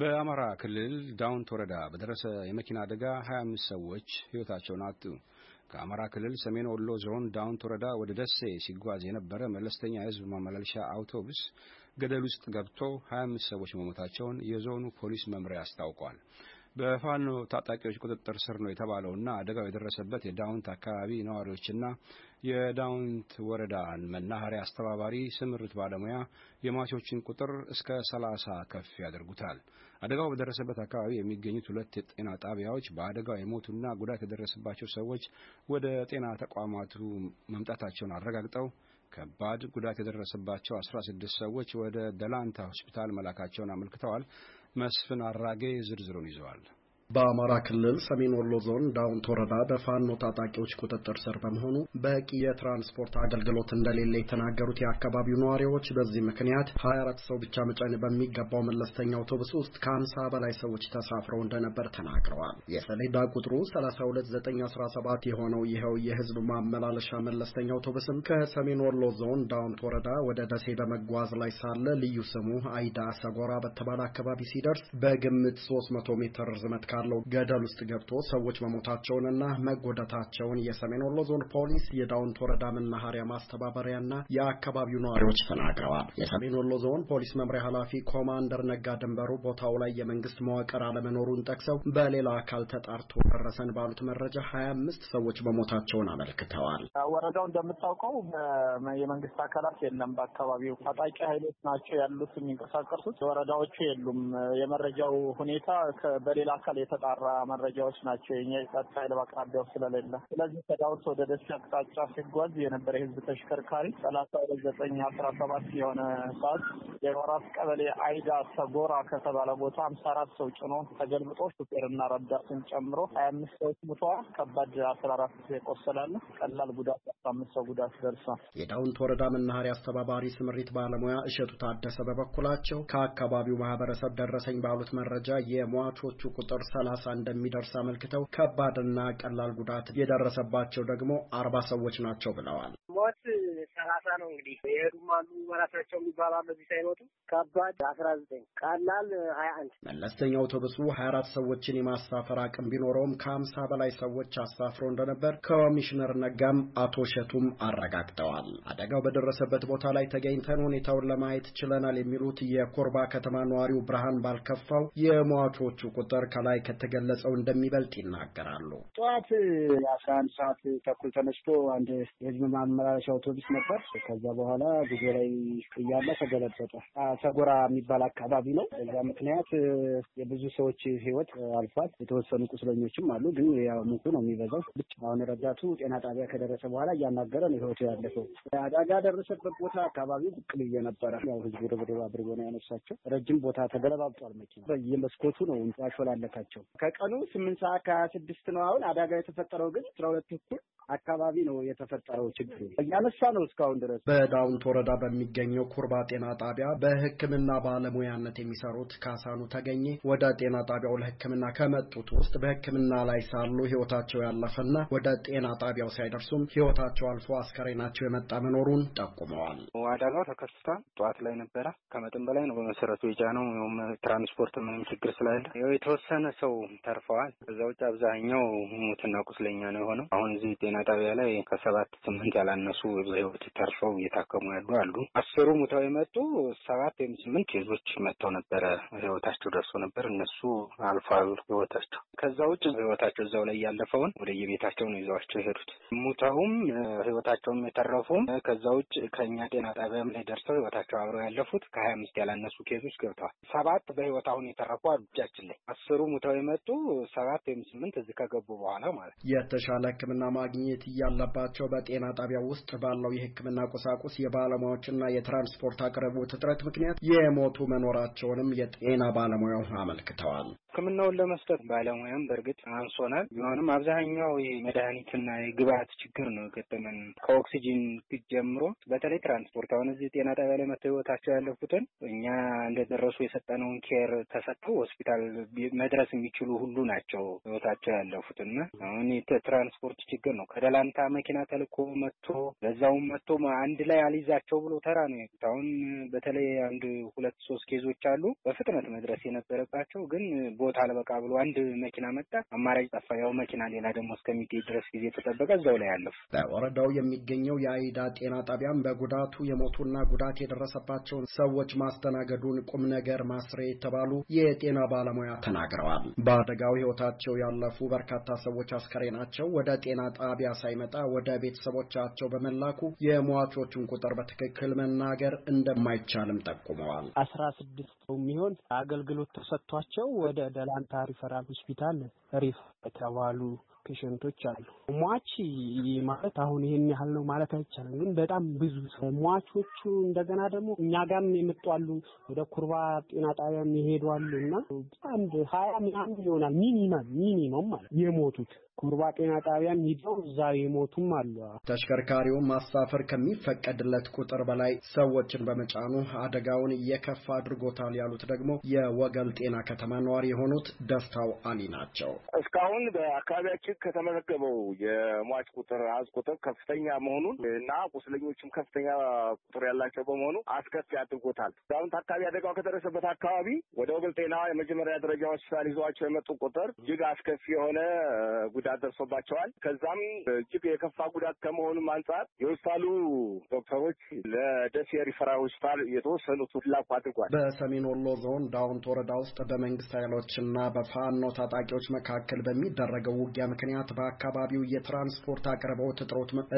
በአማራ ክልል ዳውንት ወረዳ በደረሰ የመኪና አደጋ 25 ሰዎች ሕይወታቸውን አጡ። ከአማራ ክልል ሰሜን ወሎ ዞን ዳውንት ወረዳ ወደ ደሴ ሲጓዝ የነበረ መለስተኛ የሕዝብ ማመላለሻ አውቶቡስ ገደል ውስጥ ገብቶ 25 ሰዎች መሞታቸውን የዞኑ ፖሊስ መምሪያ አስታውቋል። በፋኖ ታጣቂዎች ቁጥጥር ስር ነው የተባለውና አደጋው የደረሰበት የዳውንት አካባቢ ነዋሪዎችና የዳውንት ወረዳን መናኸሪያ አስተባባሪ ስምርት ባለሙያ የሟቾችን ቁጥር እስከ ሰላሳ ከፍ ያደርጉታል። አደጋው በደረሰበት አካባቢ የሚገኙት ሁለት የጤና ጣቢያዎች በአደጋው የሞቱና ጉዳት የደረሰባቸው ሰዎች ወደ ጤና ተቋማቱ መምጣታቸውን አረጋግጠው ከባድ ጉዳት የደረሰባቸው አስራ ስድስት ሰዎች ወደ ደላንታ ሆስፒታል መላካቸውን አመልክተዋል። መስፍን አራጌ ዝርዝሩን ይዘዋል። በአማራ ክልል ሰሜን ወሎ ዞን ዳውንት ወረዳ በፋኖ ታጣቂዎች ቁጥጥር ስር በመሆኑ በቂ የትራንስፖርት አገልግሎት እንደሌለ የተናገሩት የአካባቢው ነዋሪዎች በዚህ ምክንያት 24 ሰው ብቻ መጫን በሚገባው መለስተኛ አውቶቡስ ውስጥ ከ50 በላይ ሰዎች ተሳፍረው እንደነበር ተናግረዋል። የሰሌዳ ቁጥሩ ሰባት የሆነው ይኸው የህዝብ ማመላለሻ መለስተኛ አውቶቡስም ከሰሜን ወሎ ዞን ዳውንት ወረዳ ወደ ደሴ በመጓዝ ላይ ሳለ ልዩ ስሙ አይዳ ሰጎራ በተባለ አካባቢ ሲደርስ በግምት 300 ሜትር ርዝመት ባለው ገደል ውስጥ ገብቶ ሰዎች መሞታቸውንና መጎዳታቸውን የሰሜን ወሎ ዞን ፖሊስ የዳውንት ወረዳ መናኸሪያ ማስተባበሪያና የአካባቢው ነዋሪዎች ተናግረዋል። የሰሜን ወሎ ዞን ፖሊስ መምሪያ ኃላፊ ኮማንደር ነጋ ድንበሩ ቦታው ላይ የመንግስት መዋቅር አለመኖሩን ጠቅሰው በሌላ አካል ተጣርቶ ደረሰን ባሉት መረጃ ሀያ አምስት ሰዎች መሞታቸውን አመልክተዋል። ወረዳው እንደምታውቀው የመንግስት አካላት የለም። በአካባቢው ታጣቂ ኃይሎች ናቸው ያሉት የሚንቀሳቀሱት። ወረዳዎቹ የሉም። የመረጃው ሁኔታ በሌላ አካል የተጣራ መረጃዎች ናቸው። የኛ የጸጥታ ኃይል በአቅራቢያው ስለሌለ፣ ስለዚህ ከዳውት ወደ ደሴ አቅጣጫ ሲጓዝ የነበረ የህዝብ ተሽከርካሪ ሰላሳ ሁለት ዘጠኝ አስራ ሰባት የሆነ ሰዓት የወራት ቀበሌ አይዳ ሰጎራ ከተባለ ቦታ ሀምሳ አራት ሰው ጭኖ ተገልብጦ ሹፌርና ረዳትን ጨምሮ ሀያ አምስት ሰዎች ሙተዋል። ከባድ አስራ አራት የቆሰላለ ቀላል ጉዳት አምስት ሰው ጉዳት ደርሷል። የዳውንት ወረዳ መናኸሪያ አስተባባሪ ስምሪት ባለሙያ እሸቱ ታደሰ በበኩላቸው ከአካባቢው ማህበረሰብ ደረሰኝ ባሉት መረጃ የሟቾቹ ቁጥር ሰላሳ እንደሚደርስ አመልክተው ከባድና ቀላል ጉዳት የደረሰባቸው ደግሞ አርባ ሰዎች ናቸው ብለዋል። ሞት ሰላሳ ነው እንግዲህ የሄዱም አሉ በራሳቸው የሚባሉ ሳይሞቱ ከባድ አስራ ዘጠኝ ቀላል ሀያ አንድ መለስተኛ አውቶቡሱ ሀያ አራት ሰዎችን የማሳፈር አቅም ቢኖረውም ከሀምሳ በላይ ሰዎች አሳፍሮ እንደነበር ከኮሚሽነር ነጋም አቶ መሸቱም አረጋግጠዋል። አደጋው በደረሰበት ቦታ ላይ ተገኝተን ሁኔታውን ለማየት ችለናል የሚሉት የኮርባ ከተማ ነዋሪው ብርሃን ባልከፋው የሟቾቹ ቁጥር ከላይ ከተገለጸው እንደሚበልጥ ይናገራሉ። ጠዋት የአስራ አንድ ሰዓት ተኩል ተነስቶ አንድ የህዝብ ማመላለሻ አውቶቡስ ነበር። ከዛ በኋላ ጉዞ ላይ እያለ ተገለበጠ። ሰጎራ የሚባል አካባቢ ነው። በዛ ምክንያት የብዙ ሰዎች ህይወት አልፏል። የተወሰኑ ቁስለኞችም አሉ። ግን ያው ሞቱ ነው የሚበዛው። አሁን ረዳቱ ጤና ጣቢያ ከደረሰ በኋላ እያናገረ ነው ህይወቱ ያለፈው። አደጋ ደረሰበት ቦታ አካባቢ ብቅ ብዬ ነበረ። ያው ህዝቡ ርብርብ አድርጎ ነው ያነሳቸው። ረጅም ቦታ ተገለባብጧል መኪና። በየመስኮቱ ነው ያሾላለታቸው። ከቀኑ ስምንት ሰዓት ከሀያ ስድስት ነው አሁን አደጋ የተፈጠረው ግን አስራ ሁለት እኩል አካባቢ ነው የተፈጠረው ችግር እያነሳ ነው እስካሁን ድረስ። በዳውንት ወረዳ በሚገኘው ኩርባ ጤና ጣቢያ በሕክምና ባለሙያነት የሚሰሩት ካሳኑ ተገኘ ወደ ጤና ጣቢያው ለሕክምና ከመጡት ውስጥ በሕክምና ላይ ሳሉ ሕይወታቸው ያለፈና ወደ ጤና ጣቢያው ሳይደርሱም ሕይወታቸው አልፎ አስከሬናቸው የመጣ መኖሩን ጠቁመዋል። አደጋው ተከስቷል። ጠዋት ላይ ነበረ። ከመጠን በላይ ነው በመሰረቱ ይጫ ነው። ትራንስፖርት ምንም ችግር ስላለ የተወሰነ ሰው ተርፈዋል። ከዛ ውጭ አብዛኛው ሙትና ቁስለኛ ነው የሆነው አሁን እዚህ ጤና ጣቢያ ላይ ከሰባት ስምንት ያላነሱ ህይወት ተርፈው እየታከሙ ያሉ አሉ። አስሩ ሙተው የመጡ ሰባት ወይም ስምንት ኬዞች መጥተው ነበረ። ህይወታቸው ደርሶ ነበር። እነሱ አልፏል ህይወታቸው። ከዛ ውጭ ህይወታቸው እዛው ላይ ያለፈውን ወደ የቤታቸው ነው ይዘዋቸው የሄዱት። ሙተውም ህይወታቸውም የተረፉም ከዛ ውጭ ከእኛ ጤና ጣቢያም ላይ ደርሰው ህይወታቸው አብረው ያለፉት ከሀያ አምስት ያላነሱ ኬዞች ገብተዋል። ሰባት በህይወት አሁን የተረፉ አሉ እጃችን ላይ። አስሩ ሙተው የመጡ ሰባት ወይም ስምንት እዚህ ከገቡ በኋላ ማለት የተሻለ ህክምና ማግኘት ማግኘት እያለባቸው በጤና ጣቢያ ውስጥ ባለው የሕክምና ቁሳቁስ የባለሙያዎችና የትራንስፖርት አቅርቦት እጥረት ምክንያት የሞቱ መኖራቸውንም የጤና ባለሙያው አመልክተዋል። ህክምናውን ለመስጠት ባለሙያም በእርግጥ አንሶናል። ቢሆንም አብዛኛው የመድኃኒትና የግብአት ችግር ነው የገጠመን። ከኦክሲጂን ጀምሮ በተለይ ትራንስፖርት፣ አሁን እዚህ ጤና ጣቢያ ላይ መጥተው ህይወታቸው ያለፉትን እኛ እንደደረሱ የሰጠነውን ኬር ተሰጥተው ሆስፒታል መድረስ የሚችሉ ሁሉ ናቸው ህይወታቸው ያለፉትና አሁን የትራንስፖርት ችግር ነው። ከደላንታ መኪና ተልኮ መጥቶ በዛውም መጥቶ አንድ ላይ አልይዛቸው ብሎ ተራ ነው የሄዱት። አሁን በተለይ አንድ ሁለት ሶስት ኬዞች አሉ በፍጥነት መድረስ የነበረባቸው ግን ቦታ አልበቃ ብሎ አንድ መኪና መጣ፣ አማራጭ ጠፋ። ያው መኪና ሌላ ደግሞ እስከሚገኝ ድረስ ጊዜ ተጠበቀ። እዛው ላይ ያለፉ። በወረዳው የሚገኘው የአይዳ ጤና ጣቢያም በጉዳቱ የሞቱና ጉዳት የደረሰባቸውን ሰዎች ማስተናገዱን ቁም ነገር ማስሬ የተባሉ የጤና ባለሙያ ተናግረዋል። በአደጋው ህይወታቸው ያለፉ በርካታ ሰዎች አስከሬናቸው ወደ ጤና ጣቢያ ሳይመጣ ወደ ቤተሰቦቻቸው በመላኩ የሟቾቹን ቁጥር በትክክል መናገር እንደማይቻልም ጠቁመዋል። አስራ ስድስት የሚሆን አገልግሎት ተሰጥቷቸው ወደ ደላንታ ሪፈራል ሆስፒታል ሪፍ የተባሉ ፔሽንቶች አሉ። ሟች ማለት አሁን ይሄን ያህል ነው ማለት አይቻልም፣ ግን በጣም ብዙ ሟቾቹ እንደገና ደግሞ እኛ ጋም የምጧሉ ወደ ኩርባ ጤና ጣቢያም ይሄዷሉ እና አንድ ሀያ ምናምን ይሆናል ሚኒመም ሚኒመም ማለት የሞቱት ኩርባ ጤና ጣቢያም ሂደው እዛ የሞቱም አሉ። ተሽከርካሪውን ማሳፈር ከሚፈቀድለት ቁጥር በላይ ሰዎችን በመጫኑ አደጋውን የከፋ አድርጎታል ያሉት ደግሞ የወገል ጤና ከተማ ነዋሪ የሆኑት ደስታው አሊ ናቸው። እስካሁን በአካባቢያችን ከተመዘገበው የሟች ቁጥር አዝ ቁጥር ከፍተኛ መሆኑን እና ቁስለኞችም ከፍተኛ ቁጥር ያላቸው በመሆኑ አስከፊ አድርጎታል። አሁን ታካቢ አደጋው ከደረሰበት አካባቢ ወደ ወገል ጤና የመጀመሪያ ደረጃ ሆስፒታል ይዘዋቸው የመጡ ቁጥር እጅግ አስከፊ የሆነ ጉዳት ደርሶባቸዋል። ከዛም እጅግ የከፋ ጉዳት ከመሆኑም አንጻር የሆስፒታሉ ዶክተሮች ለደሴ ሪፈራል ሆስፒታል የተወሰኑት ላኩ አድርጓል። በሰሜን ወሎ ዞን ዳውንት ወረዳ ውስጥ በመንግስት ኃይሎችና በፋኖ ታጣቂዎች መካከል በሚደረገው ውጊያ ምክንያት በአካባቢው የትራንስፖርት አቅርቦት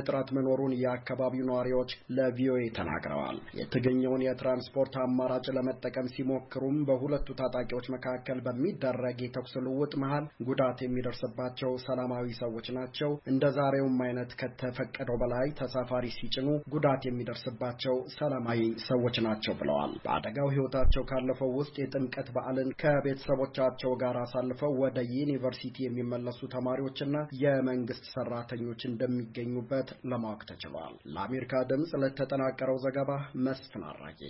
እጥረት መኖሩን የአካባቢው ነዋሪዎች ለቪኦኤ ተናግረዋል። የተገኘውን የትራንስፖርት አማራጭ ለመጠቀም ሲሞክሩም በሁለቱ ታጣቂዎች መካከል በሚደረግ የተኩስ ልውውጥ መሀል ጉዳት የሚደርስባቸው ሰላማዊ ሰዎች ናቸው። እንደ ዛሬውም አይነት ከተፈቀደው በላይ ተሳፋሪ ሲጭኑ ጉዳት የሚደርስባቸው ሰላማዊ ሰዎች ናቸው ብለዋል። በአደጋው ህይወታቸው ካለፈው ውስጥ የጥምቀት በዓልን ከቤተሰቦቻቸው ጋር አሳልፈው ወደ ዩኒቨርሲቲ የሚመለሱ ተማሪዎችና የመንግስት ሰራተኞች እንደሚገኙበት ለማወቅ ተችሏል። ለአሜሪካ ድምፅ ለተጠናቀረው ዘገባ መስፍን አራጌ